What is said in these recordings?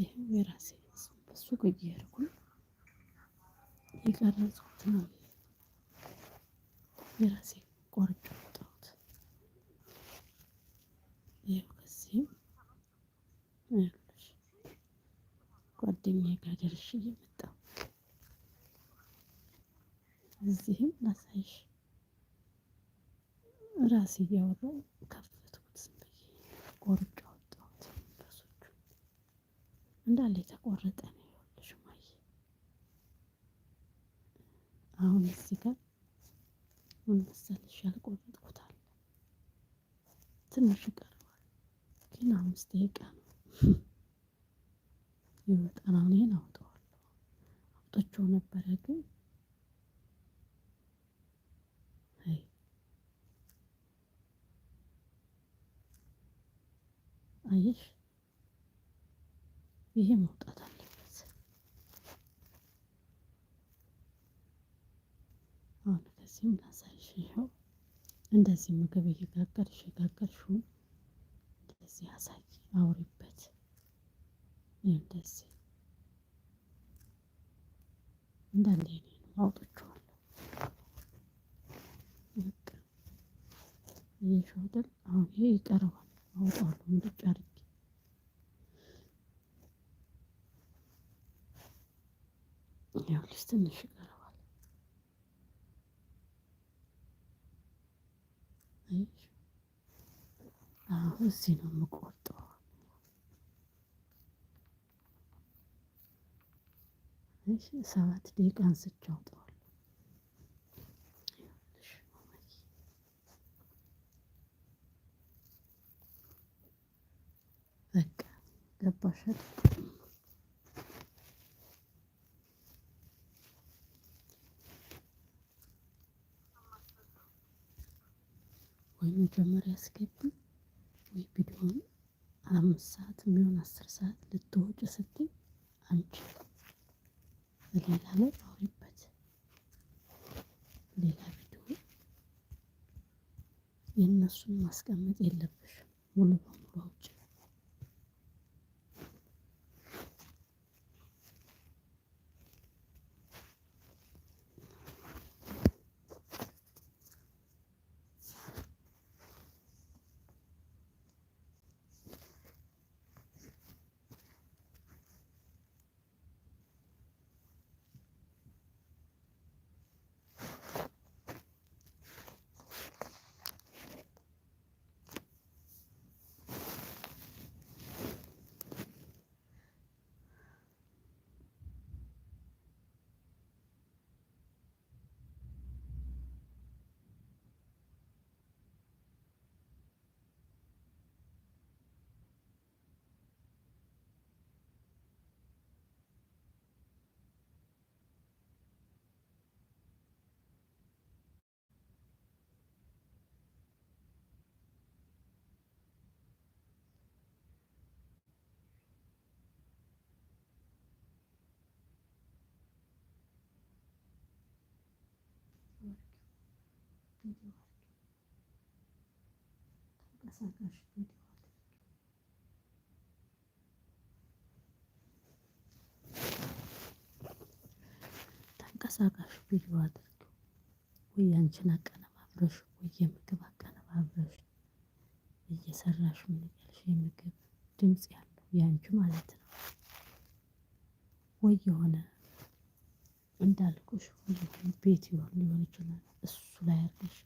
ይህም የራሴ በሱ ቀየርኩ የቀረጽኩት ነው። የራሴ ቆርጬ ወጣሁት። ይኸው ከዚህም ጓደኛዬ ጋር ደርሼ እየመጣሁ እዚህም ላሳይሽ ራሴ እያወራሁ ከፈትኩት ቆርጬ እንዳለ የተቆረጠ ነው። ይኸውልሽ ማየ አሁን እዚህ ጋር ምን መሰለሽ ያልቆረጥኩት አለ ትንሽ ይቀርባል፣ ግን አምስት ደቂቃ ነው ይወጣና እኔን አውጠዋለሁ። አውጦቸው ነበረ ግን አየሽ ይሄ መውጣት አለበት። አሁን ከዚህም ላሳይሽ። ይኸው እንደዚህ ምግብ እየጋገርሽ የጋገርሽውን እንደዚህ አሳይ፣ አውሪበት። እንደዚህ እንዳለ አውጥቼዋለሁ። ይህ ሾድል አሁን ይሄ ይቀርባል። አውጣዋለሁ ምድጫ ትንሽ ይቀረዋል። አሁን እዚህ ነው የምቆርጠው። ሰባት ደቂቃ አንስቼ አውጠዋለሁ። በቃ ገባሽ አይደል? መጀመሪያ ያስገቢ ወይ ቪዲዮን አምስት ሰዓት የሚሆን አስር ሰዓት ልትወጭ ስትይ አንቺ በሌላ ላይ አውሪበት ሌላ ቪዲዮ የእነሱን ማስቀመጥ የለብሽም ሙሉ በሙሉ አውጪ ቪዲዮ ተንቀሳቃሽ ቪዲዮ ተንቀሳቃሽ ቪዲዮ አድርጊ ወይ አቀነባብረሽ ወይ የምግብ አቀነባብረሽ እየሰራሽ ምን እያልሽ የምግብ ድምፅ ያለው ያንቺ ማለት ነው ወይ የሆነ እንዳልኩሽ ሁሉም ቤት ይሆን ሊሆን ይችላል። እሱ ላይ አድርገሽ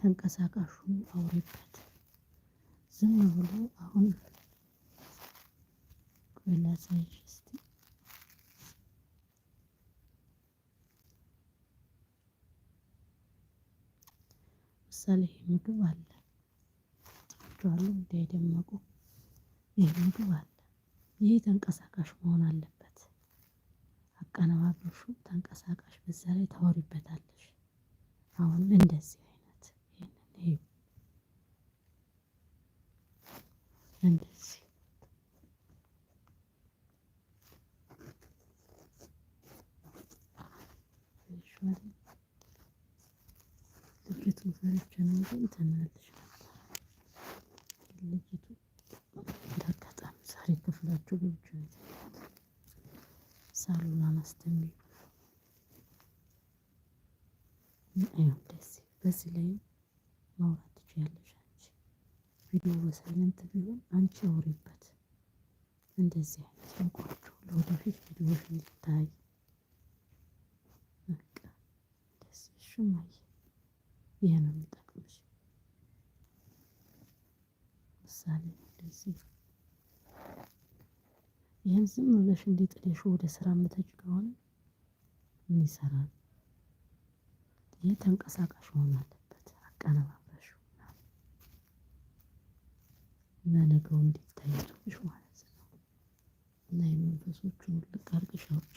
ተንቀሳቃሹን አውሪበት። ዝም ብሎ አሁን ላሳይሽ እስኪ ምሳሌ ምግብ አለ ቸዋሉ እንዲያይደመቁ ይህ ምግብ አለ። ይህ ተንቀሳቃሽ መሆን አለበት። ነው ተንቀሳቃሽ በዛ ላይ ታወሪበታለሽ። አሁን እንደዚህ አይነት እንደዚህ ልጅቱ ፈርቼ ነው እንጂ ልጅቱ እንዳጋጣሚ ዛሬ ክፍላችሁ ገብቼ ነው ሳሎን አናስተኛው አይሆን ደስ በዚህ ላይ ማውራት ትችያለሽ አንቺ ቪዲዮ በሳይለንት ቢሆን አንቺ አውሪበት። እንደዚህ አይነት እንኳችሁ ለወደፊት ቪዲዮዎች እንዲታይ በቃ ደስ ሽማ ይህን ዝም ብለሽ እንዴት ጥለሽ ወደ ስራ የምትሄጂ ከሆነ ምን ይሰራል? ይህ ተንቀሳቃሽ መሆን አለበት። አቀነባብረሽው እና ነገው እንዲታይልሽ ማለት ነው እና የመንፈሶቹን ልቅ አድርገሽ አውጪ።